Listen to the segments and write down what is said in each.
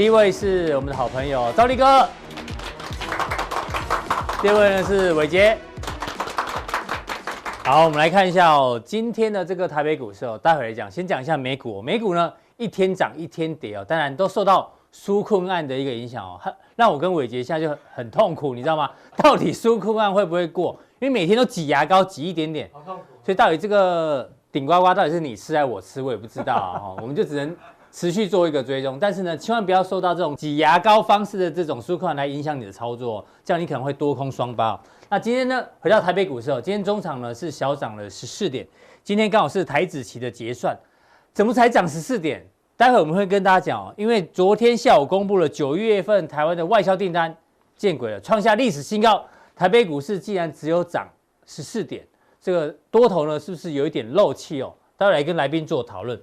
第一位是我們的好朋友兆立哥，第二位呢是偉捷。好，我們來看一下哦，今天的這個台北股市哦，待會來講，先講一下美股哦。美股呢一天漲一天跌哦，當然都受到紓困案的一個影響哦，讓我跟偉捷現在就很痛苦，你知道嗎？到底紓困案會不會過？因為每天都擠牙膏擠一點點，所以到底這個頂呱呱，到底是你吃還是我吃，我也不知道哦，我們就只能。持續做一個追蹤，但是呢，千萬不要受到這種擠牙膏方式的這種紓困來影響你的操作，哦，這樣你可能會多空雙巴，哦。那今天呢，回到台北股市哦，今天中場呢是小漲了十四點，今天剛好是台指期的結算，怎麼才漲十四點？待會我們會跟大家講哦，因為昨天下午公布了九月份台灣的外銷訂單，見鬼了，創下歷史新高，台北股市竟然只有漲十四點，這個多頭呢是不是有一點漏氣哦？待會來跟來賓做討論。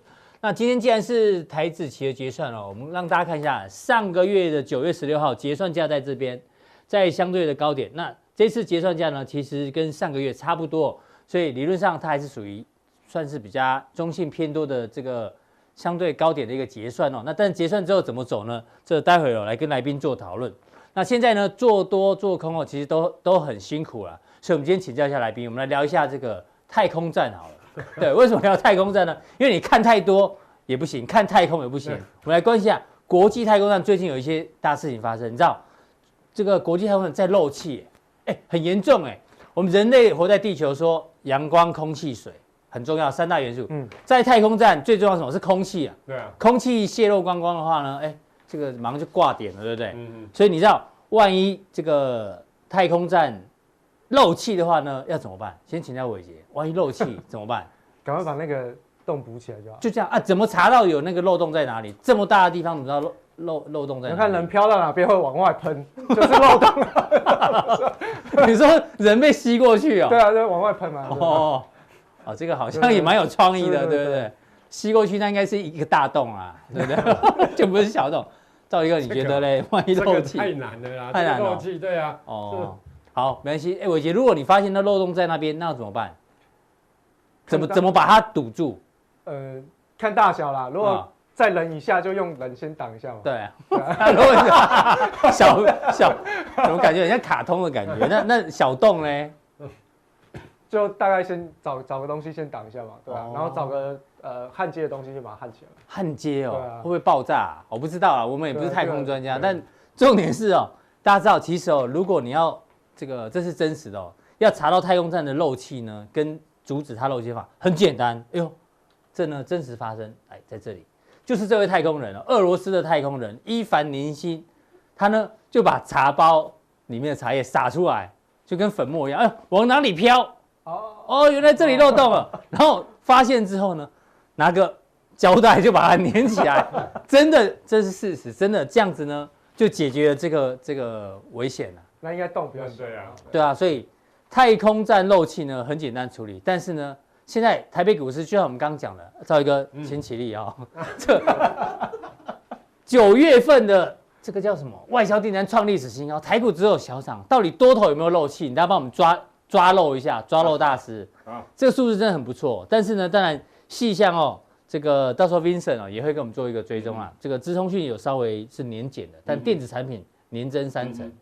那今天既然是台指期的結算哦，我們讓大家看一下上個月的九月十六號結算價在這邊，在相對的高點。那這次結算價呢，其實跟上個月差不多，所以理論上它還是屬於算是比較中性偏多的這個相對高點的一個結算哦。那但結算之後怎麼走呢？這待會哦來跟來賓做討論。那現在呢做多做空哦，其實都都很辛苦了，所以我們今天請教一下來賓，我們來聊一下這個太空站好了。 對，為什麼要太空站呢？因為你看太多也不行，看太空也不行。我們來關心一下國際太空站最近有一些大事情發生，你知道，這個國際太空站在漏氣、欸，哎、欸，很嚴重哎、欸。我們人類活在地球，說陽光、空氣、水很重要，三大元素。嗯，在太空站最重要的什麼是空氣啊？對啊，空氣泄漏光光的話呢，哎、欸，這個馬上就掛點了，對不對嗯嗯？所以你知道，萬一這個太空站漏氣的話呢，要怎麼辦？先請教偉捷，萬一漏氣怎麼辦？ 趕快把那個洞補起來，就好，就這樣啊？怎麼查到有那個漏洞在哪裡？這麼大的地方，怎麼知道漏漏漏洞在哪裡？你看人飄到哪邊會往外噴， 就是漏洞了、啊。 你說人被吸過去啊、喔？對啊，就往外噴嘛。哦，啊、哦，這個好像也蠻有創意的，對不對,對,對,對,對？吸過去那應該是一個大洞啊，對不對,對？對對對 就不是小洞。趙、這個 你覺得嘞、這個？萬一漏氣、這個？太難了呀、喔，太難了。漏氣對啊。哦，好，沒關係。哎、欸，偉捷，如果你發現那漏洞在那邊，那要怎麼辦？怎麼怎麼把它堵住？呃，看大小啦。如果再冷一下，就用冷先擋一下嘛。對、啊 小。小小，怎麼感覺有點像卡通的感覺？那那小洞呢就大概先找找個東西先擋一下嘛，對吧、啊哦？然後找個呃焊接的東西就把它焊起來。焊接哦、喔啊，會不會爆炸、啊？我不知道啊，我們也不是太空專家、啊啊啊。但重點是哦、喔，大家知道，其實哦、喔，如果你要這個，這是真實的、喔，哦，要查到太空站的漏氣呢，跟阻止它漏氣法很簡單，哎呦，這呢真實發生，哎，在這裡就是這位太空人了，俄羅斯的太空人伊凡林辛，他呢就把茶包裡面的茶葉撒出來，就跟粉末一樣，哎，往哪裡飄？哦哦，原來這裡漏洞了，然後發現之後呢，拿個膠帶就把它粘起來，真的這是事實，真的這樣子呢就解決了這個這個危險了。那應該洞不要這啊。對啊，所以。太空站漏氣呢，很簡單處理。但是呢，現在台北股市，就像我們剛講的，兆立哥，請起立啊、哦嗯！這九 月份的這個叫什麼？外銷訂單創歷史新高，台股只有小漲，到底多頭有沒有漏氣？你大家幫我們抓抓漏一下，抓漏大師、啊啊、這個數字真的很不錯。但是呢，當然細項哦，這個到時候 Vincent 哦也會跟我們做一個追蹤啊。嗯、這個資通訊有稍微是年減的，但電子產品年增三成。嗯嗯嗯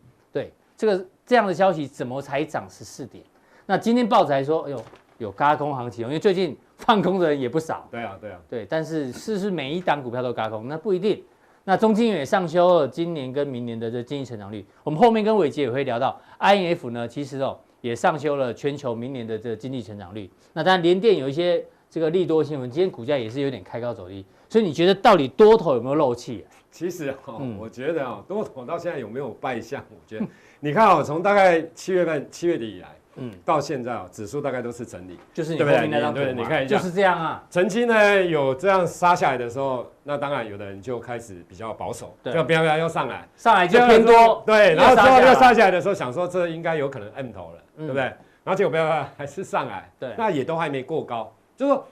這個這樣的消息怎麼才漲十四點？那今天報紙還說，哎呦，有嘎空行情，因為最近放空的人也不少。對啊，對啊，對。但是是不是每一檔股票都嘎空，那不一定。那中金也上修了今年跟明年的這經濟成長率，我們後面跟偉捷也會聊到。IMF 呢，其實哦也上修了全球明年的這個經濟成長率。那當然聯電有一些這個利多新聞，今天股價也是有點開高走低。所以你覺得到底多頭有沒有漏氣？其實哦，嗯、我覺得啊、哦，多頭到現在有沒有敗相？我覺得。 你看哦、喔，從大概七月份七月底以來，嗯，到現在哦、喔，指數大概都是整理，就是你後面那張圖對，你看一下，就是這樣啊。曾經呢有這樣殺下來的時候，那當然有的人就開始比較保守，對，就不要不要又上來，上來就偏多，對要，然後之後又殺下來的時候，想說這應該有可能 M 頭了、嗯，對不對？然後結果不要不要還是上來，對，那也都還沒過高，就說。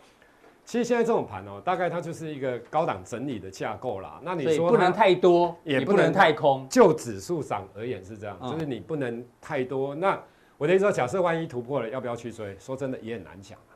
其實現在這種盤哦、喔，大概它就是一個高檔整理的架構啦。那你說不能太多，也不能太空。就指數上而言是這樣，就是你不能太多。那我的意思說，假設萬一突破了，要不要去追？說真的也很難講啊。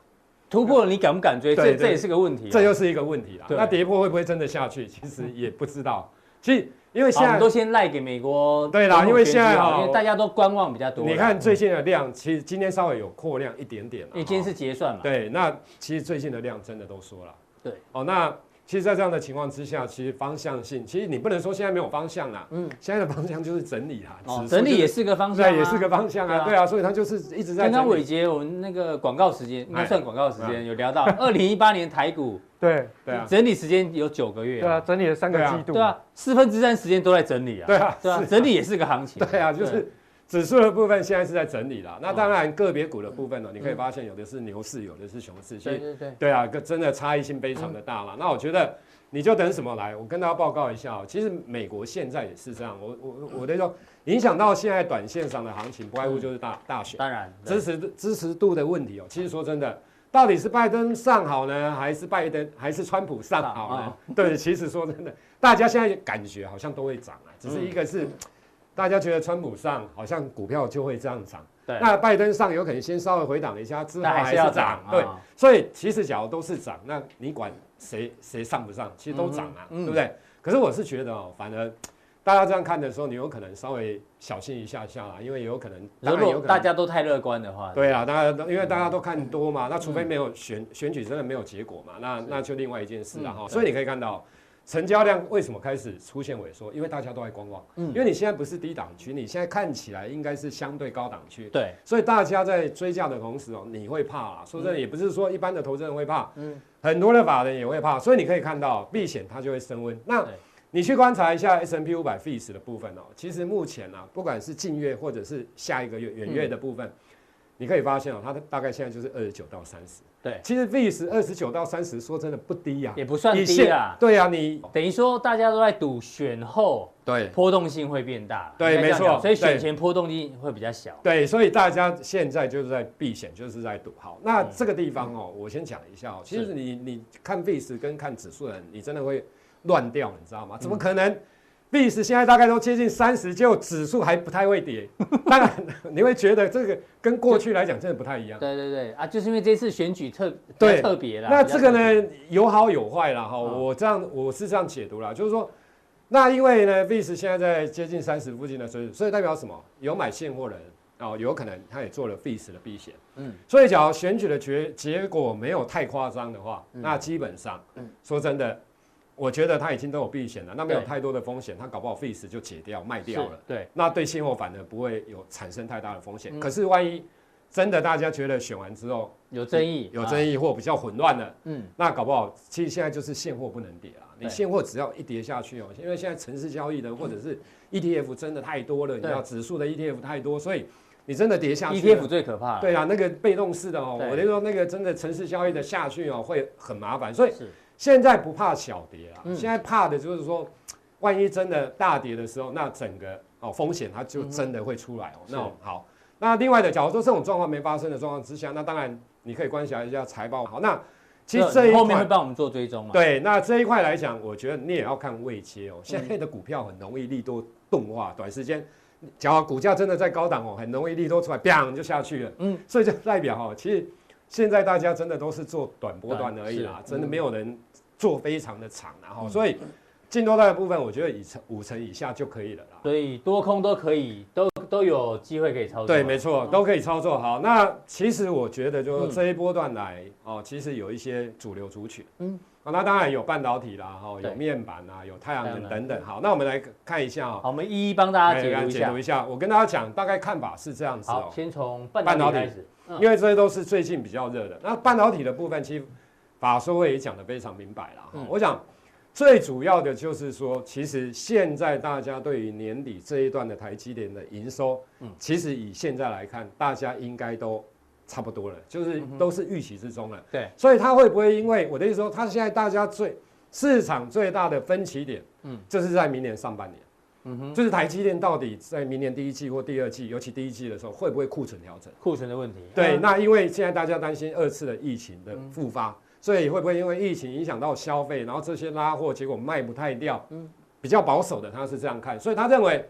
突破了你敢不敢追？這這也是個問題。這又是一個問題啦。那跌破會不會真的下去？其實也不知道。其實，因為現在、哦、都先賴、like、給美國。對啦，因為，因為現在哈、哦，大家都觀望比較多。你看最近的量，嗯、其實今天稍微有擴量一點點了。因為今天是結算嘛。對，那其實最近的量真的都說了。對。哦，那其實，在這樣的情況之下，其實方向性，其實你不能說現在沒有方向啦。嗯。現在的方向就是整理啊、就是、整理也是個方向、啊，對，也是個方向啊。對啊，對啊，所以它就是一直在。剛剛偉捷，我們那個廣告時間，應該算廣告時間，有聊到二零一八年台股。 對對啊，整理時間有九個月啊，對啊，整理了三個季度、啊，對啊，四分之三時間都在整理啊，對啊，啊對啊，啊，整理也是個行情，對啊，對啊對啊對啊，就是指數的部分現在是在整理了、啊，那當然個別股的部分呢、喔、嗯，你可以發現有的是牛市，有的是熊市，所以對對對，對啊，真的差異性非常的大了、嗯。那我覺得你就等什麼來？我跟大家報告一下哦、喔，其實美國現在也是這樣，我我我在說影響到現在短線上的行情，不外乎就是大、嗯、大選，當然支持支持度的問題哦、喔。其實說真的。到底是拜登上好呢，還是拜登還是川普上好呢？對，其實說真的，大家現在感覺好像都會漲啊，只是一個是，嗯、大家覺得川普上好像股票就會這樣漲，那拜登上有可能先稍微回檔一下，之後還是要漲，對。所以其實假如都是漲，那你管誰誰上不上，其實都漲啊、嗯嗯，對不對？可是我是覺得哦、喔，反而，大家這樣看的時候，你有可能稍微小心一下下啦，因為有可能，當然有可能，如果大家都太樂觀的話，對啊，大家都、嗯、因為大家都看多嘛，嗯、那除非沒有選、嗯、選舉真的沒有結果嘛，那那就另外一件事了哈、嗯。所以你可以看到成交量為什麼開始出現萎縮，因為大家都在觀望，嗯，因為你現在不是低檔區，你現在看起來應該是相對高檔區，對，所以大家在追價的同時哦、喔，你會怕啊。說真的，也不是說一般的投資人會怕，嗯，很多的法人也會怕，所以你可以看到避險它就會升溫。那、欸你去觀察一下 S&P 五百 VIX 的部分哦，其實目前呢、啊，不管是近月或者是下一個月遠月的部分、嗯，你可以發現哦，它大概現在就是二十九到三十。對，其實 VIX 二十九到三十，說真的不低呀、啊，也不算低啊。對啊，你、哦、等於說大家都在賭選後，對，波動性會變大。對，沒錯，所以選前波動性會比較小對。對，所以大家現在就是在避險，就是在賭。好，那這個地方哦，嗯、我先講一下哦，嗯、其實你你看 VIX 跟看指數的人，你真的會。亂掉，你知道嗎？怎麼可能？VIX 現在大概都接近三十，就指數還不太會跌。 當然，你會覺得這個跟過去來講真的不太一樣。對對對，啊，就是因為這次選舉特特別啦對。那這個呢，有好有壞啦，哈。我這樣、哦，我是這樣解讀啦。就是說，那因為呢，VIX 現在在接近三十附近的，所以所以代表什麼？有買現貨人哦，有可能他也做了 VIX 的避險。嗯，所以只要選舉的結結果沒有太誇張的話，那基本上，嗯，嗯說真的。我覺得他已經都有避險了，那沒有太多的風險，他搞不好費時就解掉賣掉了。對，那對現貨反而不會有產生太大的風險，嗯。可是萬一真的大家覺得選完之後有爭議，嗯、有爭議、啊、或比較混亂了，嗯，那搞不好其實現在就是現貨不能跌了，啊嗯。你現貨只要一跌下去哦，因為現在程式交易的或者是 ETF 真的太多了，嗯，你知道指數的 ETF 太多，所以你真的跌下去，ETF 最可怕。對啊，那個被動式的哦，我就說那個真的程式交易的下去哦，會很麻煩，所以。是現在不怕小跌啊、嗯，現在怕的就是說，萬一真的大跌的時候，那整個哦風險它就真的會出來哦。嗯、那好，那另外的，假如說這種狀況沒發生的狀況之下，那當然你可以觀察一下財報。好，那其實這一塊後面會幫我們做追蹤嘛？對，那這一塊來講，我覺得你也要看位階。哦。現在的股票很容易利多鈍化，嗯、短時間，假如股價真的在高檔哦，很容易利多出來，砰就下去了。嗯，所以就代表哈、哦，其實現在大家真的都是做短波段而已啦，真的沒有人。嗯做非常的長、啊，然後所以進多單的部分，我覺得以五成以下就可以了啦。所以多空都可以，都都有機會可以操作。對，沒錯，都可以操作。好，那其實我覺得，就是這一波段來、嗯、哦，其實有一些主流族群。嗯。哦、那當然有半導體啦，哈、哦，有面板啊，有太陽能等等。好，那我們來看一下啊、哦。好，我們一一幫大家解讀一下。解讀一下，我跟大家講大概看法是這樣子哦。好，先從半導體開始半導體、嗯，因為這些都是最近比較熱的。那半導體的部分，其實。法說會也講得非常明白了哈、嗯，我想最主要的就是說，其實現在大家對於年底這一段的台積電的營收、嗯，其實以現在來看，大家應該都差不多了，就是都是預期之中了。對、嗯，所以他會不會因為我的意思說，他現在大家最市場最大的分歧點，嗯，就是在明年上半年，嗯哼，就是台積電到底在明年第一季或第二季，尤其第一季的時候，會不會庫存調整？庫存的問題。對，那因為現在大家擔心二次的疫情的復發。嗯所以會不會因為疫情影響到消費，然後這些拉貨結果賣不太掉？嗯，比較保守的他是這樣看，所以他認為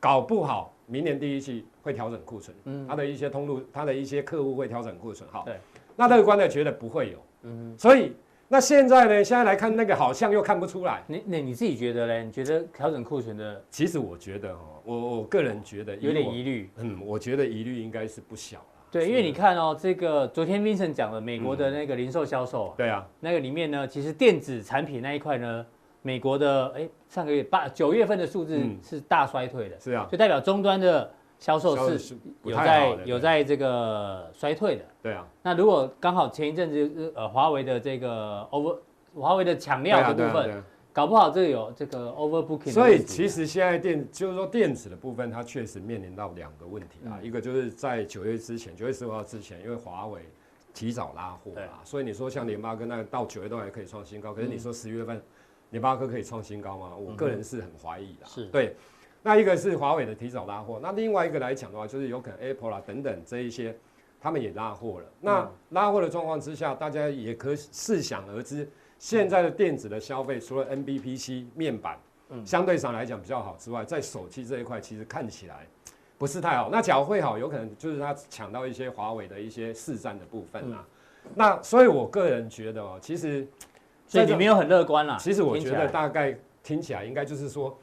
搞不好明年第一季會調整庫存。嗯，他的一些通路，他的一些客戶會調整庫存。哈，對。那樂觀的覺得不會有。嗯。所以那現在呢？現在來看那個好像又看不出來。你那你自己覺得呢？你覺得調整庫存的？其實我覺得哦，我我個人覺得有點疑慮。嗯，我覺得疑慮應該是不小。對，因為你看哦，這個昨天 Vincent 講了美國的那個零售銷售，啊嗯，對啊，那個裡面呢，其實電子產品那一塊呢，美國的哎上個月八九月份的數字是大衰退的，嗯、是啊，就代表終端的銷售是有在有在這個衰退的，對啊，那如果剛好前一陣子呃華為的這個 over 華為的搶料的部分。搞不好這個有這個 overbooking，的、啊、所以其實現在電就是說電子的部分，它確實面臨到兩個問題啊，一個就是在九月之前，九月十五號之前，因為華為提早拉貨，所以你說像聯發科那個到九月都還可以創新高，可是你說十月份聯發科可以創新高嗎？我個人是很懷疑的。是。對。那一個是華為的提早拉貨，那另外一個來講的話，就是有可能 Apple 啦等等這一些，他們也拉貨了。那拉貨的狀況之下，大家也可，可想而知。現在的電子的消費，除了 NB PC 面板，嗯，相對上來講比較好之外，在手機這一塊，其實看起來不是太好。那假如會好，有可能就是他搶到一些華為的一些市佔的部分啊。那所以，我個人覺得哦，其實，所以你沒有很樂觀啦。其實我覺得大概聽起來應該就是說，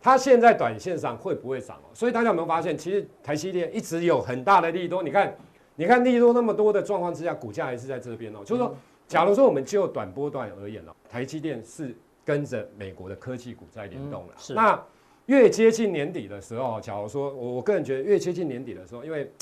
它現在短線上會不會漲？所以大家有沒有發現，其實台積電一直有很大的利多？你看，你看利多那麼多的狀況之下，股價還是在這邊哦，就是說。假如說我們就短波段而言，台積電是跟着美國的科技股在聯動了。嗯、是。那越接近年底的時候，假如說，我我個人覺得越接近年底的時候，因為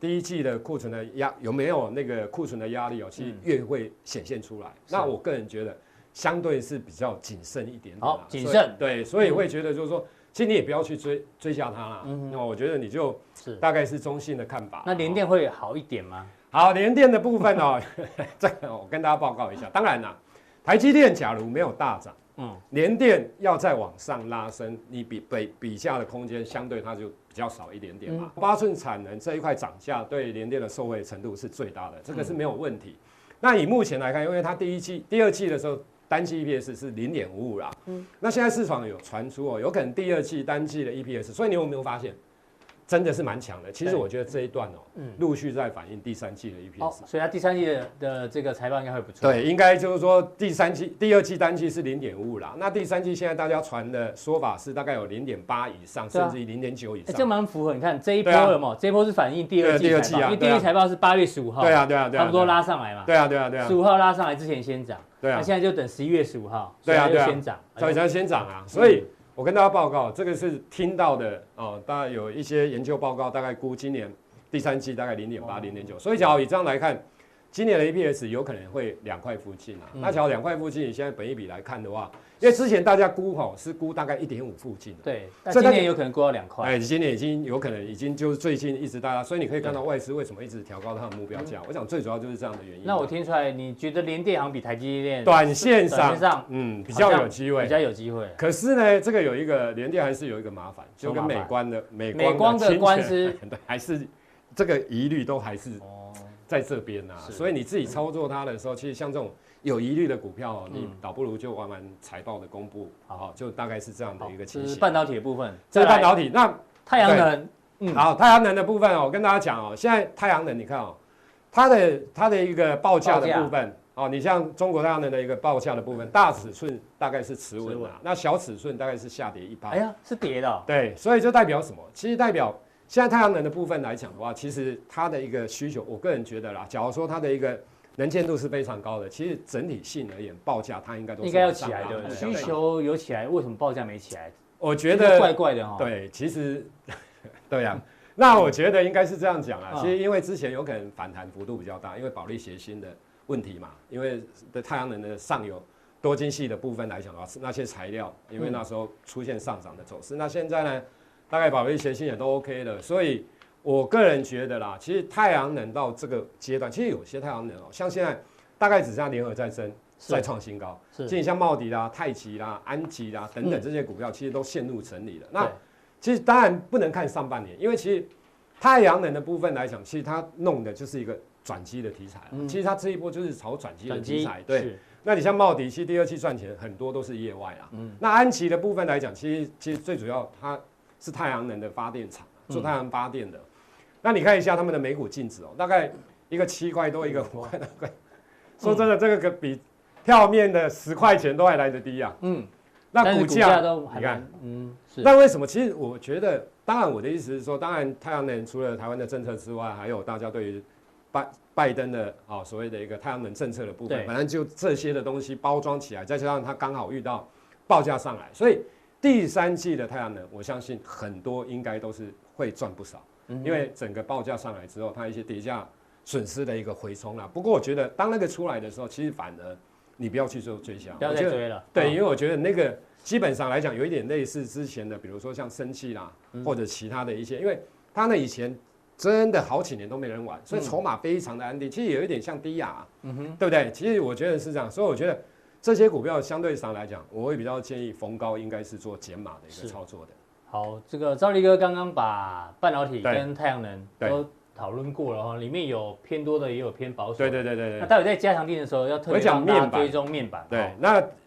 第一季的庫存的壓有沒有那個庫存的壓力，有其實越會顯現出來、嗯。那我個人覺得相對是比較謹慎一點。好、哦，謹慎。對，所以會覺得就是說，其實你也不要去追追下它啦。嗯。那我覺得你就是大概是中性的看法。那聯電會好一點嗎？好，聯電的部分哦， 這個我跟大家報告一下。當然啦、啊，台積電假如沒有大漲，嗯，聯電要再往上拉升，你比比比價的空間相對它就比較少一點點嘛。八、嗯、寸產能這一塊漲價對聯電的受惠程度是最大的，這個是沒有問題、嗯。那以目前來看，因為它第一季、第二季的時候單季 EPS 是零點五五啦，嗯，那現在市場有傳出哦，有可能第二季單季的 EPS，所以你有沒有發現？真的是蠻強的。其實我覺得這一段哦，嗯，th 嗯，陸續在反映第三季的一批、哦。所以它第三季的，的這個財報應該會不錯。對，應該就是說第三季、第二季單季是零點五五啦。那第三季現在大家傳的說法是大概有零點八以上，啊、甚至於零點九以上。欸、這蠻符合。你看這一波有沒有？這一波是反映第二季財報、啊第二季啊，因為第一財報是八月十五號。對啊對啊差不多拉上來嘛。對啊對啊對啊，對啊，對對啊，十五、啊啊啊啊、號拉上來之前先漲。對啊。那、啊啊啊啊、現在就等十一月十五號，對啊就先漲，早已經先漲啊，所以。我跟大家報告，這個是聽到的哦，大概有一些研究報告，大概估今年第三季大概零點八、零點九，所以假如以這樣來看。今年的 EPS 有可能會兩塊附近啊，嗯、那恰兩塊附近，你現在本一筆來看的話，因為之前大家估好，喔，是估大概一點五附近，對，但今年有可能估到兩塊。哎，欸，今年已經有可能已經就是最近一直大家，所以你可以看到外資為什麼一直調高它的目標價，我想最主要就是這樣的原因。那我聽出來，你覺得聯電好像比台積電短線，短線上，嗯，比較有機會，比較有機會。可是呢，這個有一個聯電還是有一個麻煩，就跟美光的美美光的官司 還是這個疑慮都還是。哦在這邊吶、啊，所以你自己操作它的時候，其實像這種有疑慮的股票、喔嗯，你倒不如就玩玩財報的公布，嗯、好，好，就大概是這樣的一個情形。是半導體的部分，這是半導體，那太陽能、嗯，好，太陽能的部分哦、喔，我跟大家講哦、喔，現在太陽能，你看哦、喔，它的它的一個報價的部分哦、喔，你像中國太陽能的一個報價的部分，大尺寸大概是持穩、啊、那小尺寸大概是下跌一半。哎呀，是跌的、哦。對，所以就代表什麼？其實代表。現在太陽能的部分來講的話，其實它的一個需求，我個人覺得啦，假如說它的一個能見度是非常高的，其實整體性而言，報價它應該都是應該要起來的、嗯。需求有起來，為什麼報價沒起來？我覺得怪怪的哈、哦。對，其實對呀、啊。那我覺得應該是這樣講啊、嗯。其實因為之前有可能反彈幅度比較大，因為保利協鑫的問題嘛。因為的太陽能的上游多晶矽的部分來講的話，是那些材料，因為那時候出現上漲的走勢。嗯、那現在呢？大概保微些信也都 OK 了，所以我個人覺得啦，其實太陽能到這個階段，其實有些太陽能哦、喔，像現在大概只剩下聯合再生再創新高，甚至像茂迪啦、太極啦、安吉啦等等這些股票，嗯、其實都陷入整理了。嗯、那其實當然不能看上半年，因為其實太陽能的部分來講，其實它弄的就是一個轉機的題材、嗯、其實它這一波就是炒轉機的題材，對。那你像茂迪，其實第二季賺錢很多都是業外啊、嗯。那安琪的部分來講，其實其實最主要它。是太陽能的發電廠，做太陽能發電的、嗯。那你看一下他們的每股淨值哦，大概一個七塊多，一個五塊多塊。說真的，這個可比票面的十塊錢都還來得低啊。嗯，那股價都你看，嗯，是。那為什麼？其實我覺得，當然，我的意思是說，當然，太陽能除了台灣的政策之外，還有大家對於拜拜登的啊、喔、所謂的一個太陽能政策的部分，反正就這些的東西包裝起來，再加上他剛好遇到報價上來，所以。第三季的太陽能，我相信很多應該都是會賺不少，嗯，因為整個報價上來之後，它一些跌價損失的一個回沖啦。不過我覺得，當那個出來的時候，其實反而你不要去做追價，不要去追了。對，啊，因為我覺得那個基本上來講，有一點類似之前的，比如說像生氣啦，嗯，或者其他的一些，因為它呢以前真的好幾年都沒人玩，所以籌碼非常的安定，嗯。其實有一點像低亞，啊，嗯哼，對不對？其實我覺得是這樣，所以我覺得。這些股票相對上來講，我會比較建議逢高應該是做減碼的一個操作的。好，這個兆立哥剛剛把半導體跟太陽能都討論過了哈，裡面有偏多的，也有偏保守。對對對對。那待會在加強錠的時候，要特別講面板，追蹤面板，面板、哦。對，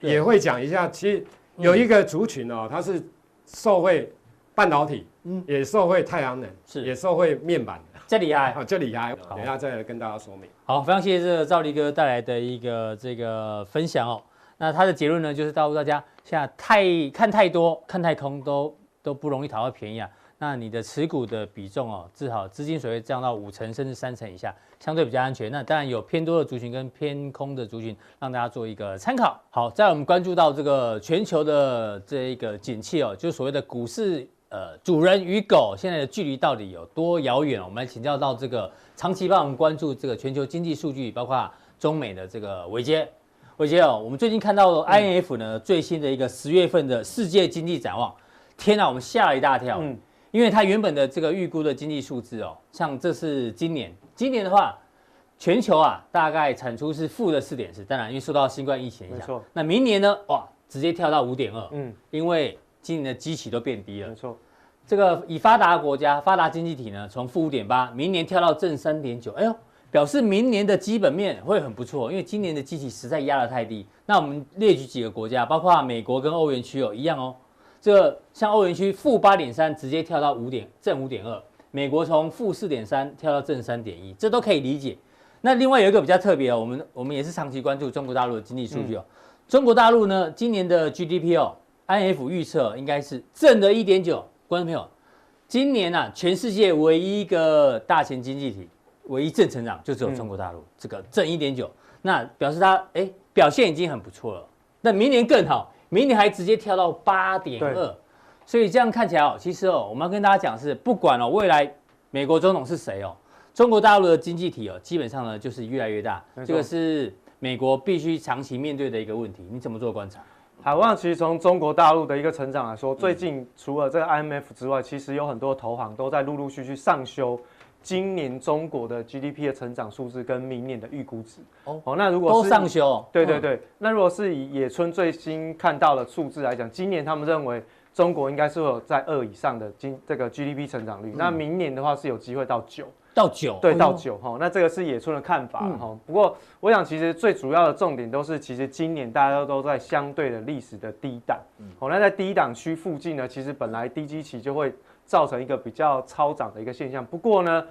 那也會講一下，其實有一個族群哦，嗯、它是受惠半導體，嗯，也受惠太陽能，是也受惠面板。這裡啊，這裡啊，等一下再來跟大家說明。好，非常謝謝這個兆立哥帶來的一個這個分享哦。那他的結論呢，就是告訴大家，現在太看太多、看太空都都不容易討到便宜啊。那你的持股的比重哦，至少資金水位降到五成甚至三成以下，相對比較安全。那當然有偏多的族群跟偏空的族群，讓大家做一個參考。好，在我們關注到這個全球的這一個景氣哦，就所謂的股市。呃，主人與狗，現在的距離到底有多遙遠？我們來請教到這個長期幫我們關注這個全球經濟數據，包括、啊、中美的這個偉捷。偉捷，哦，我們最近看到 IMF 呢、嗯、最新的一個十月份的世界經濟展望。天哪、啊，我們嚇了一大跳、嗯。因為它原本的這個預估的經濟數字哦，像這是今年，今年的話，全球啊大概產出是負的四點四，當然因為受到新冠疫情影響。那明年呢？哇，直接跳到五點二。嗯，因為今年的基期都變低了。沒錯。這個以發達國家、發達經濟體呢，從負五點八，明年跳到正三點九，哎呦，表示明年的基本面會很不錯，因為今年的基期實在壓得太低。那我們列舉幾個國家，包括美國跟歐元區哦，一樣哦。這個像歐元區負八點三，直接跳到五點正五點二，美國從負四點三跳到正三點一，這都可以理解。那另外有一個比較特別的、哦，我們我們也是長期關注中國大陸的經濟數據哦。嗯、中國大陸呢，今年的 GDP 哦，IMF 預測應該是正的一點九。觀眾朋友，今年呢、啊，全世界唯一一個大型經濟體，唯一正成長就只有中國大陸、嗯，這個正一點九，那表示它哎、欸、表現已經很不錯了。那明年更好，明年還直接跳到八點二，所以這樣看起來哦，其實哦，我們要跟大家講是，不管哦未來美國總統是誰哦，中國大陸的經濟體哦，基本上呢就是越來越大，這個是美國必須長期面對的一個問題。你怎麼做觀察？好，我想其實從中國大陸的一個成長來說，最近除了這個 IMF 之外、嗯，其實有很多投行都在陸陸續續上修今年中國的 GDP 的成長數字跟明年的預估值。哦，哦那如果是都上修、哦，對對對、嗯。那如果是以野村最新看到的數字來講，今年他們認為中國應該是會有在二以上的今這個 GDP 成長率、嗯，那明年的話是有機會到九。到九對、哦、到九吼。那這個是野村的看法哈、嗯。不過我想，其實最主要的重點都是，其實今年大家都都在相對的歷史的低檔。嗯，好，那在低檔區附近呢，其實本來低基期就會造成一個比較超漲的一個現象。不過呢，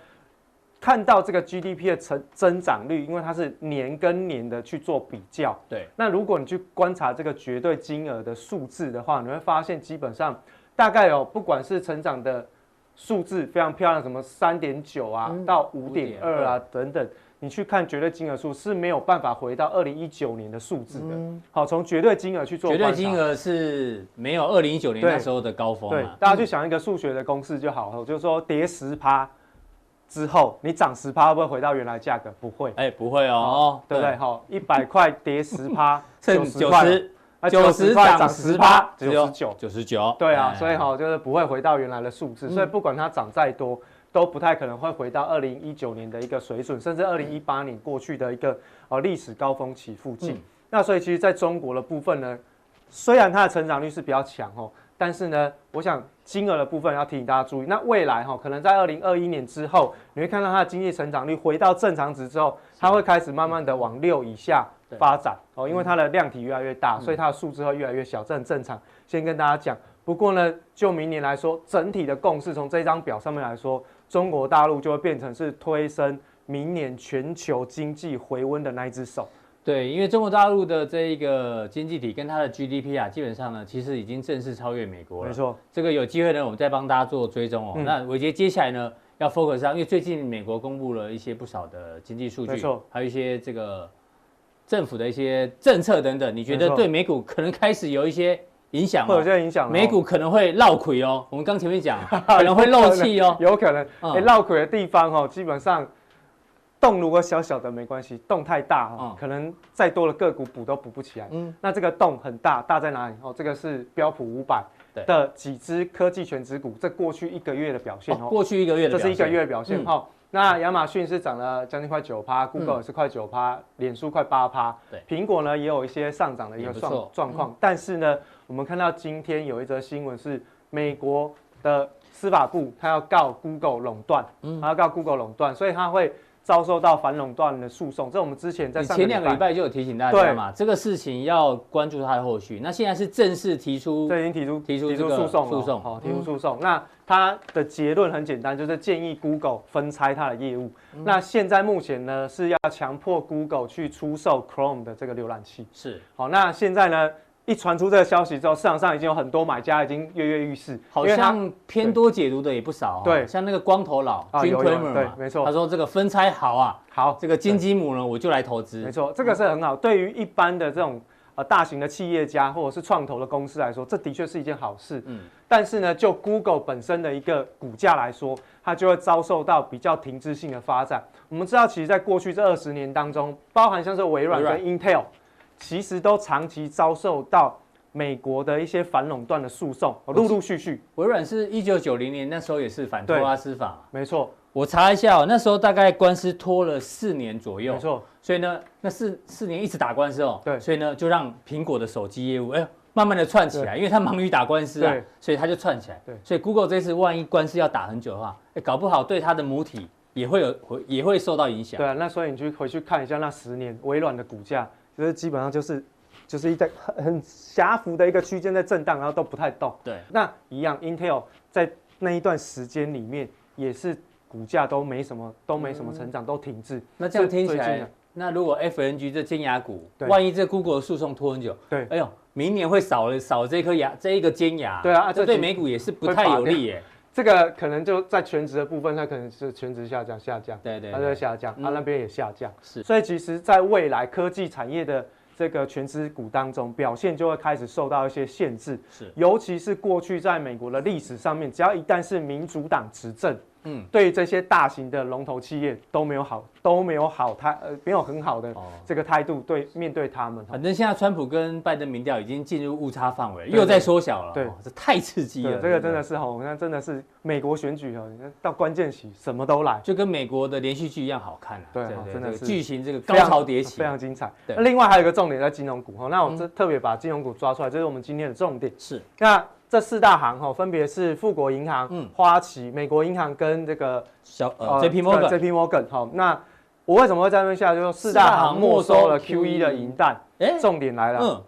看到這個 GDP 的成增長率，因為它是年跟年的去做比較。對。那如果你去觀察這個絕對金額的數字的話，你會發現基本上大概有，不管是成長的。數字非常漂亮，什麼三點九啊，嗯、到五點二啊，啊等等，你去看絕對金額數是沒有辦法回到二零一九年的數字的。嗯、好，從絕對金額去做。絕對金額是沒有二零一九年那時候的高峰。啊對。對，大家去想一個數學的公式就好了，就是說跌十趴之後，你漲十趴會不會回到原來價格？不會。哎、欸，不會哦，對不對？好，一百塊跌十趴， 剩九十。九十塊漲十八，九十九九十九，對啊，所以哈、哦，就是不會回到原來的數字，嗯、所以不管它漲再多，都不太可能會回到二零一九年的一個水準，嗯、甚至二零一八年過去的一個呃歷史高峰期附近。嗯、那所以其實在中國的部分呢，雖然它的成長率是比較強哦，但是呢，我想金額的部分要提醒大家注意。那未來哈、哦，可能在二零二一年之後，你會看到它的經濟成長率回到正常值之後，它會開始慢慢的往六以下發展哦，因為它的量體越來越大，嗯、所以它的數字會越來越小，這很正常、嗯。先跟大家講，不過呢，就明年來說，整體的共識從這張表上面來說，中國大陸就會變成是推升明年全球經濟回溫的那一只手。對，因為中國大陸的這一個經濟體跟它的 GDP 啊，基本上呢，其實已經正式超越美國了。沒錯，這個有機會呢，我們再幫大家做追蹤哦。嗯、那偉捷接下來呢，要 focus 上，因為最近美國公布了一些不少的經濟數據，還有一些這個。政府的一些政策等等，你覺得對美股可能開始有一些影響嗎？有些影響，美股可能會落腿哦。我們剛前面講， 可能會漏氣哦，有可能。哎，繞、嗯、腿、欸、的地方哦，基本上洞如果小小的沒關係，洞太大哦、嗯，可能再多的個股補都補不起來。嗯，那這個洞很大，大在哪裡？哦，這個是標普五百的幾只科技權值股，這過去一個月的表現哦，哦過去一個月的表現，這是一個月的表現哈。嗯那亞馬遜是漲了將近快九趴，Google 也是快九趴，嗯，臉書快八趴，對，蘋果呢也有一些上漲的一個狀狀況，嗯。但是呢，我們看到今天有一則新聞是美國的司法部他，嗯，他要告 Google 壟斷，他要告 Google 壟斷，所以他會。遭受到反壟斷的訴訟，這我們之前在上前兩個禮拜就有提醒大家嘛，對這個事情要關注它的後續。那現在是正式提出，已經提出提出提出訴訟了，訴、嗯、訟、哦，提出訴訟。那它的結論很簡單，就是建議 Google 分拆它的業務、嗯。那現在目前呢，是要強迫 Google 去出售 Chrome 的這個瀏覽器。是，好、哦，那現在呢？一傳出這個消息之後，市場上已經有很多買家已經躍躍欲試，好像偏多解讀的也不少、啊。對，對，像那個光頭佬、啊，對，沒錯，他說這個分拆好啊，好，這個金雞母呢，我就來投資，沒錯，這個是很好。對於一般的這種呃大型的企業家或者是創投的公司來說，這的確是一件好事。嗯，但是呢，就 Google 本身的一個股價來說，它就會遭受到比較停滯性的發展。我們知道，其實，在過去這二十年當中，包含像是微軟跟 Intel。其實都長期遭受到美國的一些反壟斷的訴訟，哦、陸陸續續續，微軟是一九九零年那時候也是反托拉斯法，啊，沒錯。我查一下哦，那時候大概官司拖了四年左右，沒錯。所以呢，那四四年一直打官司哦，對。所以呢，就讓蘋果的手機業務哎慢慢的串起來，因為他忙於打官司啊，對，所以他就串起來。對。所以 Google 這次萬一官司要打很久的話，哎，搞不好對他的母體也會有會也會受到影響。對啊，那所以你去回去看一下那十年微軟的股價。就是基本上就是，就是在很很狹幅的一個區間在震盪，然後都不太動。對，那一樣，Intel 在那一段時間裡面也是股價都沒什麼，都沒什麼成長，嗯、都停滯。那這樣聽起來呢，那如果 FNG 這尖牙股，萬一這 Google 的訴訟拖很久，對，哎呦，明年會少了少了這顆牙，這一個尖牙。對啊，這對美股也是不太有利耶。這個可能就在權值的部分，它可能是權值下降下降，對對，它就會下降，啊，它那邊也下降，是，所以其實，在未來科技產業的這個權值股當中，表現就會開始受到一些限制，是，尤其是過去在美國的歷史上面，只要一旦是民主黨執政，嗯，對於這些大型的龍頭企業都沒有好，都沒有好，他呃沒有很好的這個態度，對、哦、面對他們。反正現在川普跟拜登民調已經進入誤差範圍，對對，又在縮小了。對、哦，這太刺激了。這個真的是吼，現在真的是美國選舉到關鍵期什麼都來，就跟美國的連續劇一樣好看、啊、對，對，對，真的是劇情、這個、這個高潮迭起非，非常精彩對對。另外還有一個重點在金融股、哦、那我們特別把金融股抓出來，這是我們今天的重點。嗯、是，那這四大行哈、哦，分別是富國銀行、嗯、花旗、美國銀行跟這個小呃 JPMorgan，JPMorgan 好、嗯 JP 哦。那我為什麼再問一下？就說、是、四大行沒收了 QE 的銀彈，重點來了、嗯。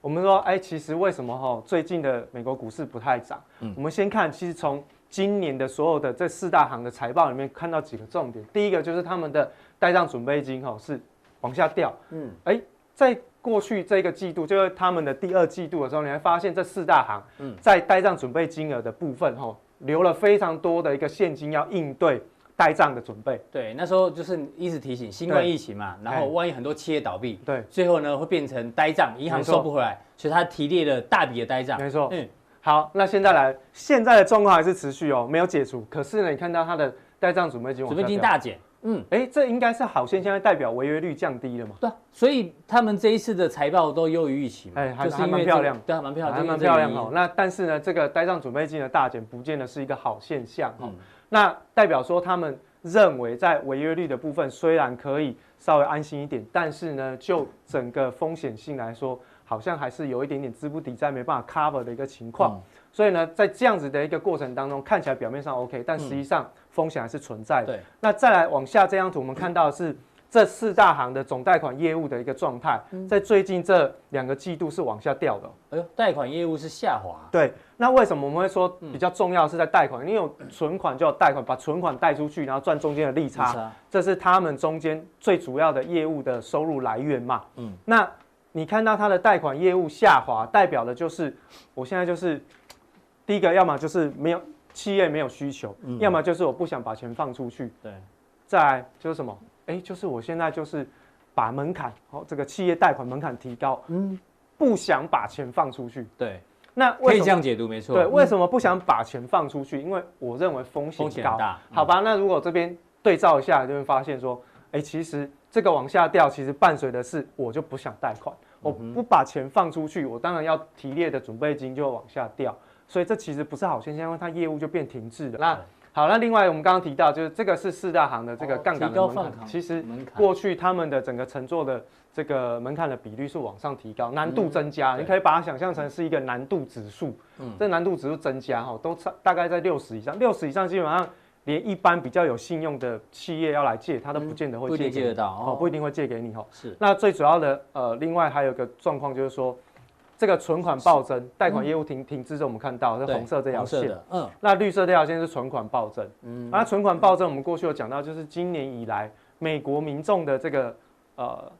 我們說，哎，其實為什麼哈、哦、最近的美國股市不太漲？嗯，我們先看，其實從今年的所有的這四大行的財報裡面看到幾個重點。第一個就是他們的貸賬準備金哈、哦、是往下掉。嗯，哎，在。過去這個季度，就是他們的第二季度的時候，你會發現這四大行在呆賬準備金額的部分，哈、嗯，留了非常多的一個現金要應對呆賬的準備。對，那時候就是一直提醒新冠疫情嘛，然後萬一很多企業倒閉，對，最後呢會變成呆賬，銀行收不回來，所以它提列了大筆的呆賬。沒錯，嗯，好，那現在來，現在的狀況還是持續哦，沒有解除。可是呢，你看到它的呆賬準備金，準備金大減。嗯，哎，這應該是好現象，代表違約率降低了嘛？對，所以他們這一次的財報都優於預期嘛？哎，還、就是還蠻漂亮，對啊，蠻漂亮，還蠻漂亮哦。那但是呢，這個呆賬準備金的大減不見得是一個好現象哈、嗯。那代表說他們認為在違約率的部分雖然可以稍微安心一點，但是呢，就整個風險性來說，好像還是有一點點資不抵債沒辦法 cover 的一個情況、嗯。所以呢，在這樣子的一個過程當中，看起來表面上 OK，但實際上、嗯。風險還是存在的。對，那再來往下這張圖，我們看到的是這四大行的總貸款業務的一個狀態、嗯，在最近這兩個季度是往下掉的。哎呦，貸款業務是下滑、啊。對，那為什麼我們會說比較重要的是在貸款？嗯、因為有存款就要貸款，把存款貸出去，然後賺中間的利差，利差，這是他們中間最主要的業務的收入來源嘛。嗯，那你看到它的貸款業務下滑，代表的就是我現在就是第一個，要麼就是沒有。企業沒有需求，要麼就是我不想把錢放出去。嗯、對，再就是什麼？哎，就是我現在就是把門檻，哦，這個企業貸款門檻提高，嗯，不想把錢放出去。對，那為什麼可以這樣解讀，沒錯。對、嗯，為什麼不想把錢放出去？因為我認為風險高風險大、嗯。好吧，那如果這邊對照一下，就會發現說，哎，其實這個往下掉，其實伴隨的是我就不想貸款、嗯，我不把錢放出去，我當然要提列的準備金就往下掉。所以這其實不是好現象，因為它業務就變停滯了。那、嗯、好，那另外我們剛剛提到，就是這個是四大行的這個槓桿的門檻、哦，其實過去他們的整個承作的這個門檻的比率是往上提高，嗯、難度增加。你可以把它想象成是一個難度指數、嗯，這難度指數增加哈，都大概在六十以上，六十以上基本上連一般比較有信用的企業要來借，它都不見得會、嗯、不一定會借得到、哦。哦，不一定會借給你哦。是。那最主要的呃，另外還有一個狀況就是說。這個存款暴增，貸款業務停停滯之後，我們看到是紅色這條線的，嗯，那綠色這條線是存款暴增，嗯，那存款暴增，我們過去有講到，就是今年以來美國民眾的這個呃，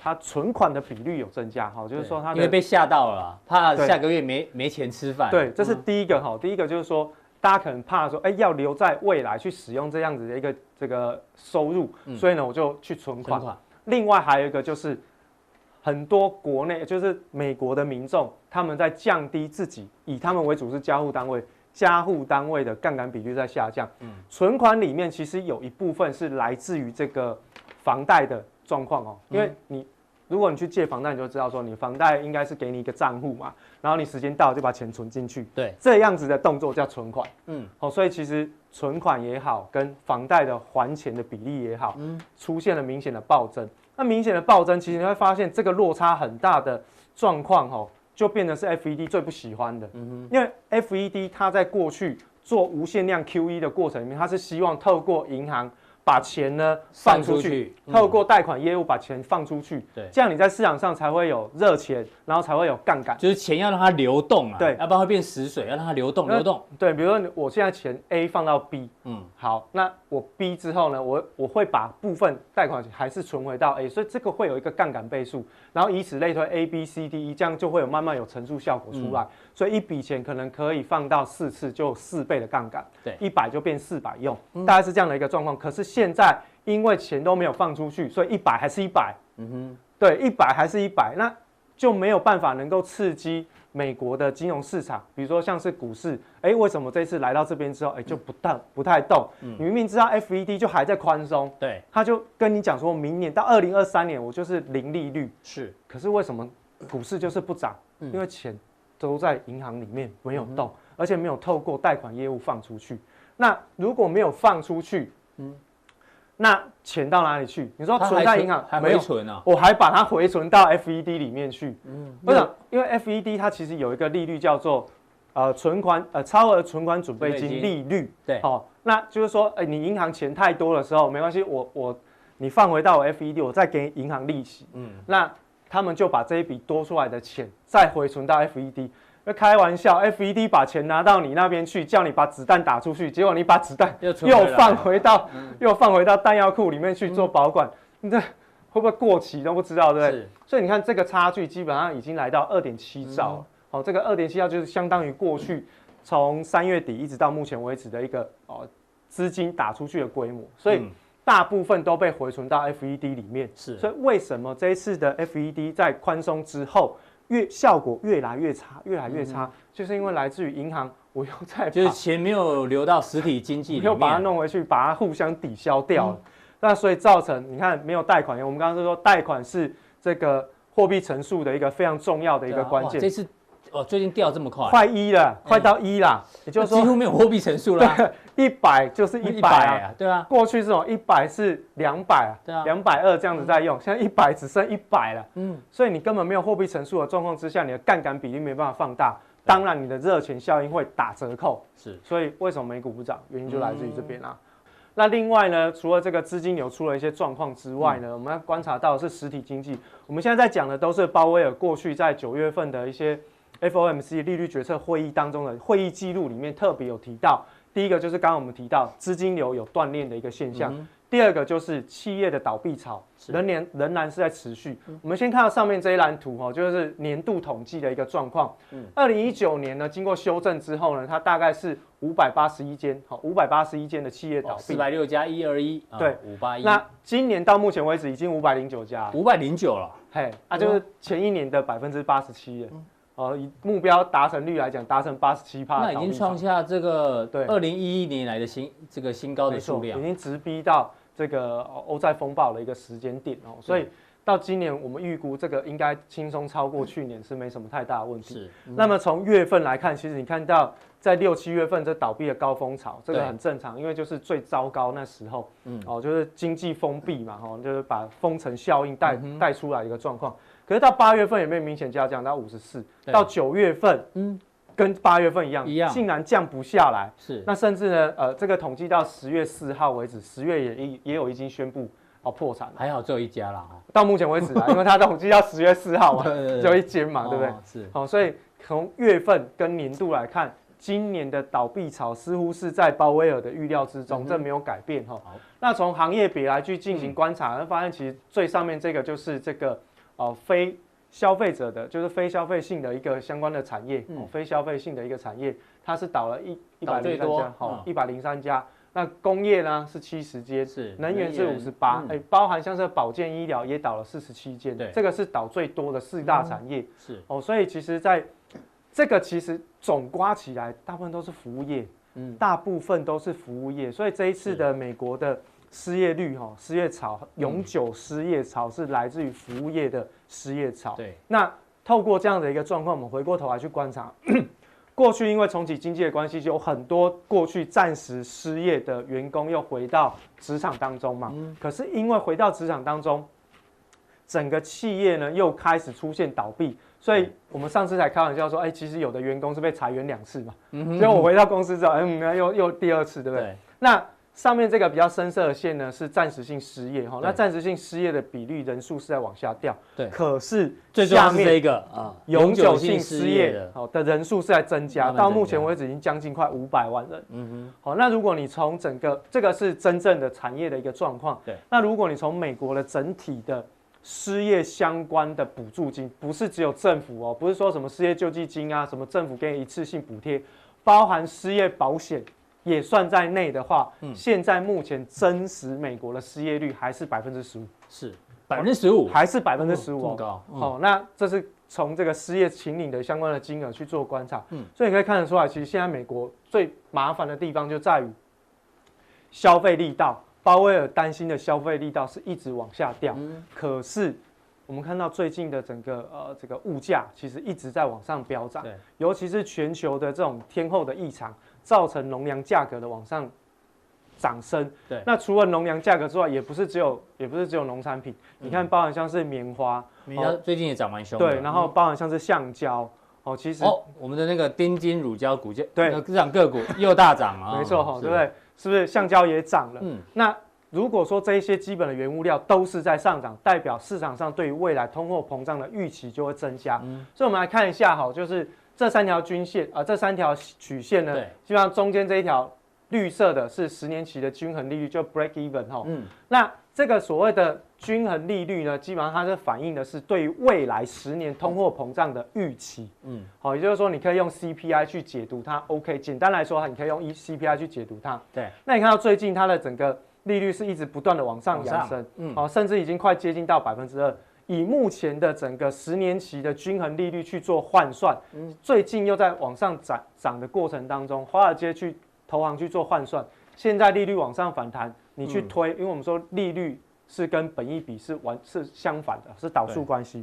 他存款的比率有增加，哈，就是說他因為被嚇到了，怕下個月沒沒錢吃飯，對，這是第一個哈、嗯，第一個就是說大家可能怕說、欸，要留在未來去使用這樣子的一個這個收入、嗯，所以呢，我就去存款，存款，另外還有一個就是。很多國內就是美國的民眾，他們在降低自己以他們為主是家戶單位，家戶單位的槓桿比率在下降。嗯，存款裡面其實有一部分是來自於這個房貸的狀況哦，因為你、嗯、如果你去借房貸，你就知道說你房貸應該是給你一個賬戶嘛，然後你時間到就把錢存進去。對，這樣子的動作叫存款。嗯，哦，所以其實存款也好，跟房貸的還錢的比例也好，嗯，出現了明顯的暴增。那明顯的暴增，其實你會發現這個落差很大的狀況，哦，就變成是 FED 最不喜歡的、嗯。因為 FED 它在過去做無限量 QE 的過程裡面，它是希望透過銀行。把錢呢放出去，出去透過貸款業務把錢放出去，嗯，這樣你在市場上才會有熱錢，然後才會有槓桿，就是錢要讓它流動啊，對，要不然會變死水，要讓它流動流動。對，比如說我現在錢 A 放到 B，嗯，好，那我 B 之後呢，我我會把部分貸款還是存回到 A，所以這個會有一個槓桿倍數，然後以此類推 A B C D E，這樣就會有慢慢有乘數效果出來，嗯，所以一筆錢可能可以放到四次，就有四倍的槓桿，對，一百就變四百用，嗯，大概是這樣的一個狀況，可是。現在因為錢都沒有放出去，所以一百還是一百。嗯哼，對，一百還是一百，那就沒有辦法能夠刺激美國的金融市場。比如說像是股市，哎，為什麼這次來到這邊之後，哎、嗯，就不動不太動？嗯、你明明知道 FED 就還在寬鬆，對，他就跟你講說，明年到二零二三年我就是零利率。是，可是為什麼股市就是不漲？嗯、因為錢都在銀行裡面沒有動、嗯，而且沒有透過貸款業務放出去。那如果沒有放出去，嗯。那錢到哪裡去？你說存在銀行還存沒有還存啊？我還把它回存到 FED 裡面去。嗯、不為什麼？因為 FED 它其實有一個利率叫做，呃，存款呃超額存款準備金利率。哦、對，好，那就是說，欸、你銀行錢太多的時候沒關係，我我你放回到我 FED，我再給銀行利息。嗯，那他們就把這一筆多出來的錢再回存到 FED。開玩笑，FED 把錢拿到你那邊去，叫你把子彈打出去，結果你把子彈又，又放回到，嗯、又放回到彈藥庫裡面去做保管，你這，嗯，會不會過期都不知道，對不對？所以你看這個差距基本上已經來到二點七兆了。好，嗯，哦，這個二點七兆就是相當於過去從三月底一直到目前為止的一個哦，資金打出去的規模，所以大部分都被回存到 FED 裡面。是，所以為什麼這一次的 FED 在寬鬆之後，越效果越來越差，越來越差，嗯、就是因為來自於銀行，我又在就是錢沒有流到實體經濟裡面，又把它弄回去，把它互相抵消掉了，嗯、那所以造成你看沒有貸款，我們剛剛說貸款是這個貨幣乘數的一個非常重要的一個關鍵。哦，最近掉這麼快，快一了，嗯，快到一了。也就是說幾乎沒有貨幣乘數了。對，啊、一百就是一百啊，對啊。過去這種一百是兩百啊，對啊，兩百二這樣子在用，嗯、現在一百只剩一百了。嗯，所以你根本沒有貨幣乘數的狀況之下，你的槓桿比例沒辦法放大，嗯、當然你的熱錢效應會打折扣。是，所以為什麼美股不漲？原因就來自於這邊啊，嗯。那另外呢，除了這個資金流出了一些狀況之外呢，嗯、我們要觀察到的是實體經濟。我們現在在講的都是鮑威爾過去在九月份的一些。FOMC 利率決策會議當中的會議記錄裡面特別有提到，第一個就是剛剛我們提到資金流有斷裂的一個現象，第二個就是企業的倒閉潮仍然仍然是在持續。我們先看到上面這一欄圖哈，就是年度統計的一個狀況。二零一九年呢，經過修正之後呢，它大概是五百八十一間，好，五百八十一間的企業倒閉。四百六加一二一，對，五八一。那今年到目前為止已經五百零九家，五百零九了。嘿，那就是前一年的百分之八十七。呃，以目標達成率來講，達成八十七趴，那已經創下這個對二零一一年來的新這個新高的數量，已經直逼到這個歐債風暴的一個時間點哦。所以到今年，我們預估這個應該輕鬆超過去年是沒什麼太大的問題。是。那麼從月份來看，其實你看到在六七月份這倒閉的高峰潮，這個很正常，因為就是最糟糕那時候，嗯哦，就是經濟封閉嘛，哦，就是把封城效應帶帶出來的一個狀況。可是到八月份也沒有明顯下降，到五十四，到九月份，嗯，跟八月份一樣，一樣，竟然降不下來，是。那甚至呢，呃，這個統計到十月四號為止，十月也也也有已經宣布哦破產了，還好只有一家啦，到目前為止來 因為他統計到十月四號啊，就一間嘛 對對對對對對對、哦，對不對？是。好、哦，所以從月份跟年度來看，今年的倒閉潮似乎是在鮑威爾的預料之中，這、嗯、沒有改變，哈、哦。那從行業別來去進行觀察、嗯，發現其實最上面這個就是這個。哦，非消費者的就是非消費性的一個相關的產業，嗯哦、非消費性的一個產業，它是倒了一一百零三家，哈，一百零三家。那工業呢是七十間，是能源，能源是五十八，哎，包含像是保健醫療也倒了四十七間，對，這個是倒最多的四大產業，嗯、是哦，所以其實在這個其實總括起來，大部分都是服務業，嗯，大部分都是服務業，所以這一次的美國的。失業率哈、哦，失業潮，永久失業潮是來自於服務業的失業潮。嗯、對，那透過這樣的一個狀況，我們回過頭來去觀察，過去因為重啟經濟的關係，就有很多過去暫時失業的員工又回到職場當中嘛。嗯、可是因為回到職場當中，整個企業呢又開始出現倒閉，所以我們上次才開玩笑說，哎，其實有的員工是被裁員兩次嘛。嗯。所以我回到公司之後，嗯、哎，又又第二次，對不對？對那。上面這個比較深色的線呢，是暫時性失業哈，那暫時性失業的比率、人數是在往下掉。對，可是，下面是最重要的一個啊，永久性失業的，好、哦、的人數是在增加。增加到目前為止，已經將近快五百萬人。嗯好、哦，那如果你從整個這個是真正的產業的一個狀況。對。那如果你從美國的整體的失業相關的補助金，不是只有政府哦，不是說什麼失業救濟金啊，什麼政府給你一次性補貼，包含失業保險。也算在內的話、嗯，現在目前真實美國的失業率還是,是百分之十五，是百分之十五，還是百分之十五哦、嗯嗯，哦，那這是從這個失業請領的相關的金額去做觀察，嗯，所以你可以看得出來，其實現在美國最麻煩的地方就在於消費力道，鮑威爾擔心的消費力道是一直往下掉、嗯，可是我們看到最近的整個呃這個物價其實一直在往上飆漲，尤其是全球的這種天候的異常。造成農糧價格的往上漲升，對。那除了農糧價格之外，也不是只有，也不是只有農產品。嗯、你看，包含像是棉花，棉、嗯、花、哦、最近也漲蠻凶的，對、嗯。然後包含像是橡膠，哦，其實、哦、我們的那個丁腈乳膠股價，對，市場個股又大漲啊，沒錯哈，對、哦、不對？是不是橡膠也漲了？嗯。那如果說這一些基本的原物料都是在上漲，代表市場上對於未來通貨膨脹的預期就會增加。嗯。所以，我們來看一下哈，就是。這三條均線，啊、呃，這三條曲線呢，對，基本上中間這一條綠色的是十年期的均衡利率，就 break even 哈、哦。嗯。那這個所謂的均衡利率呢，基本上它是反映的是對未來十年通貨膨脹的預期。嗯。好、哦，也就是說你可以用 CPI 去解讀它。OK，簡單來說，你可以用一 CPI 去解讀它。對。那你看到最近它的整個利率是一直不斷的往上揚升，嗯，好、哦，甚至已經快接近到百分之二。以目前的整個十年期的均衡利率去做換算，嗯、最近又在往上漲漲的過程當中，華爾街去投行去做換算，現在利率往上反彈，你去推，嗯、因為我們說利率是跟本益比是完是相反的，是倒數關係，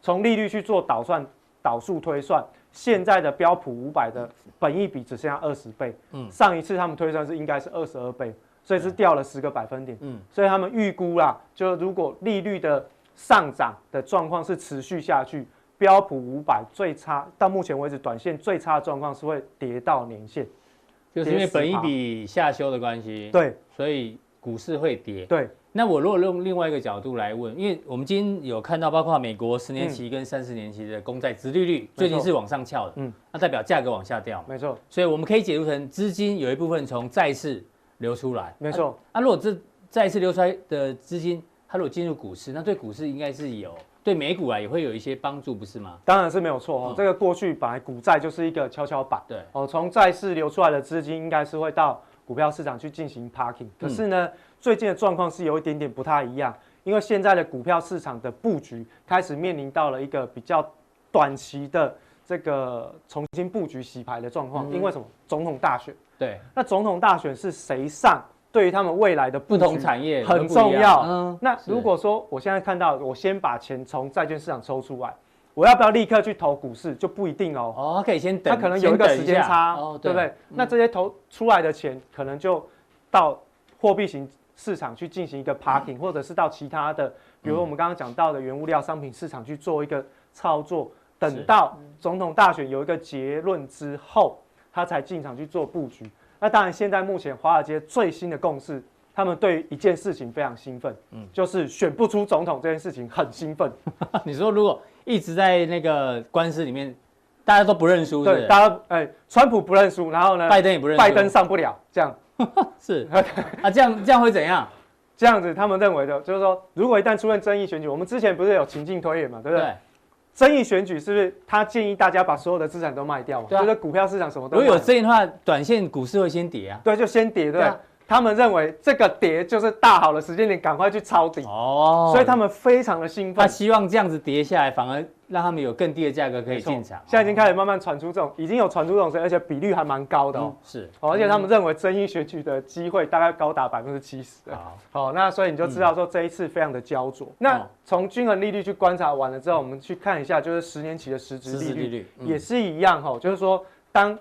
從利率去做倒算倒數推算，現在的標普五百的本益比只剩下二十倍，嗯，上一次他們推算是應該是二十二倍，所以是掉了十個百分點，嗯，所以他們預估啦，就如果利率的上漲的狀況是持續下去，標普五百最差到目前為止，短線最差的狀況是會跌到年線，就是因為本益比下修的關係，對，所以股市會跌。對，那我如果用另外一個角度來問，因為我們今天有看到，包括美國十年期跟三十年期的公債殖利率最近是往上翹的，嗯，那、嗯啊、代表價格往下掉，沒錯。所以我們可以解讀成資金有一部分從債市流出來，沒錯。那、啊啊、如果這債市流出來的資金，它如果進入股市，那對股市應該是有對美股啊，也會有一些幫助，不是嗎？當然是沒有錯哦。嗯、這個過去本來股債就是一個蹺蹺板，對。哦，從債市流出來的資金應該是會到股票市場去進行 parking。可是呢、嗯，最近的狀況是有一點點不太一樣，因為現在的股票市場的布局開始面臨到了一個比較短期的這個重新布局洗牌的狀況。嗯、因為什麼？總統大選。對。那總統大選是誰上？對於他們未來的不同產業很重要。嗯，那如果說我現在看到，我先把錢從債券市場抽出來，我要不要立刻去投股市就不一定哦。哦，可以先等，他可能有一個時間差，哦、對，對不對、嗯？那這些投出來的錢可能就到貨幣型市場去進行一個 parking、嗯、或者是到其他的，比如我們剛剛講到的原物料商品市場去做一個操作，嗯、等到總統大選有一個結論之後，他才進場去做布局。那當然，現在目前華爾街最新的共識，他們對一件事情非常興奮，嗯，就是選不出總統這件事情很興奮。你說，如果一直在那個官司裡面，大家都不認輸，對，大家哎、欸，川普不認輸，然後呢，拜登也不認輸，拜登上不了，這樣呵呵是 啊，這樣這樣會怎樣？這樣子他們認為的，就是說，如果一旦出現爭議選舉，我們之前不是有情境推演嘛，對不對？對爭議選舉是不是他建議大家把所有的資產都賣掉嘛？覺得、啊就是、股票市場什麼都如果有爭議的話，短線股市會先跌啊，對，就先跌對。對啊他們認為這個跌就是大好的時間點，趕快去抄底哦，oh, 所以他們非常的興奮。他希望這樣子跌下來，反而讓他們有更低的價格可以進場。現在已經開始慢慢傳出這種，哦、已經有傳出這種聲，而且比率還蠻高的、哦嗯。是、哦，而且他們認為爭議選舉的機會大概高達百分之七十。好，好、哦，那所以你就知道說這一次非常的焦灼、嗯。那從均衡利率去觀察完了之後，嗯、我們去看一下，就是十年期的實質利率，利率、嗯、也是一樣吼、哦，就是說當。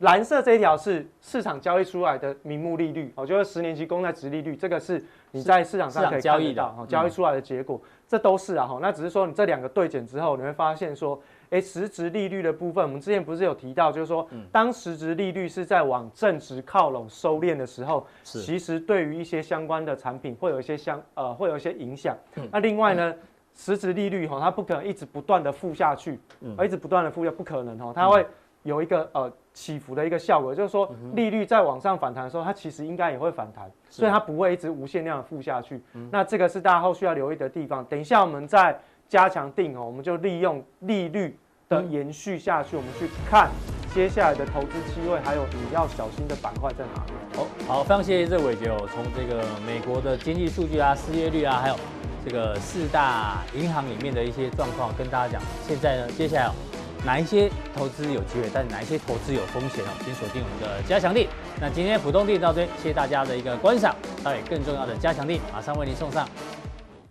藍色這一條是市場交易出來的名目利率，哦，就是十年期公債殖利率，這個是你在市場上可以交易到交易出來的結果，嗯、這都是啊，哈，那只是說你這兩個對減之後，你會發現說，哎，實質利率的部分，我們之前不是有提到，就是說，當實質利率是在往正值靠攏收斂的時候，其實對於一些相關的產品會有一些相，呃，會有一些影響。嗯、那另外呢，嗯、實質利率哈，它不可能一直不斷的負下去、嗯，而一直不斷的負下去，不可能哈，它會。有一個呃起伏的一個效果，就是說利率在往上反彈的時候，它其實應該也會反彈，所以它不會一直無限量的負下去、嗯。那這個是大家後續要留意的地方。等一下我們再加強錠哦、喔，我們就利用利率的延續下去，我們去看接下來的投資機會，還有你要小心的板塊在哪裡。哦，好，非常謝謝這位偉捷，從這個美國的經濟數據啊、失業率啊，還有這個四大銀行裡面的一些狀況，跟大家講。現在呢，接下來。哪一些投資有機會，但是哪一些投資有風險啊，先鎖定我們的加強錠。那今天普通錠到這，謝謝大家的一個觀賞，待會更重要的加強錠馬上為您送上。